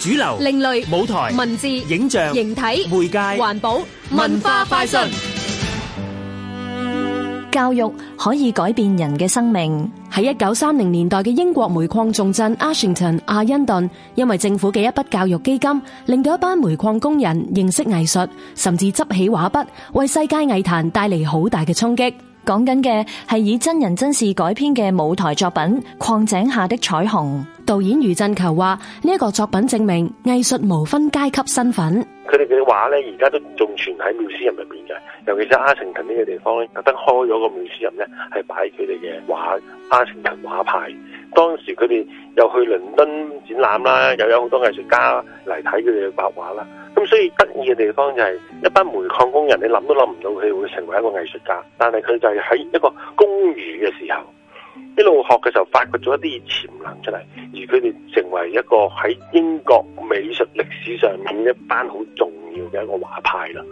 主流、另類、舞台、文字、影像、形體、媒介、環保、文化快訊。教育可以改變人嘅生命。喺一九三零年代嘅英國煤礦重鎮 Ashington 阿欣頓，因為政府嘅一筆教育基金，令到一班煤礦工人認識藝術，甚至執起畫筆，為世界藝壇帶嚟好大嘅衝擊。講緊嘅係以真人真事改編嘅舞台作品《礦井下的彩虹》。導演余振球話：呢、這、一個作品證明藝術無分階級身份。佢哋嘅畫咧，而家都仲存喺繆斯人入邊嘅。尤其是阿城近呢個地方咧，特登開咗個繆斯人入咧，係擺佢哋嘅畫。阿城近畫派，當時佢哋又去倫敦展覽啦，又有好多藝術家嚟睇佢哋嘅白畫啦。咁所以得意嘅地方就係、是、一班煤礦工人，你諗都諗唔到佢會成為一個藝術家，但係佢就係喺一個公寓嘅時候。一路學嘅時候，發掘咗一啲潛能出嚟，而佢哋成為一個喺英國美術歷史上面一班好重要嘅一個畫派啦。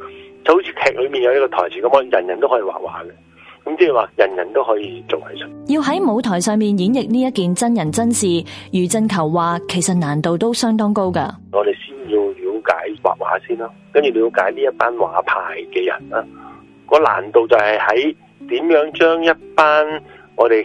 就好似劇裏面有一個台詞咁，我人人都可以畫畫嘅，咁即係話人人都可以做藝術。要喺舞台上面演繹呢一件真人真事，余振球話其實難度都相當高噶。我哋先要了解畫畫先啦，跟住了解呢一班畫派嘅人啦。個難度就係喺點樣將一班我哋。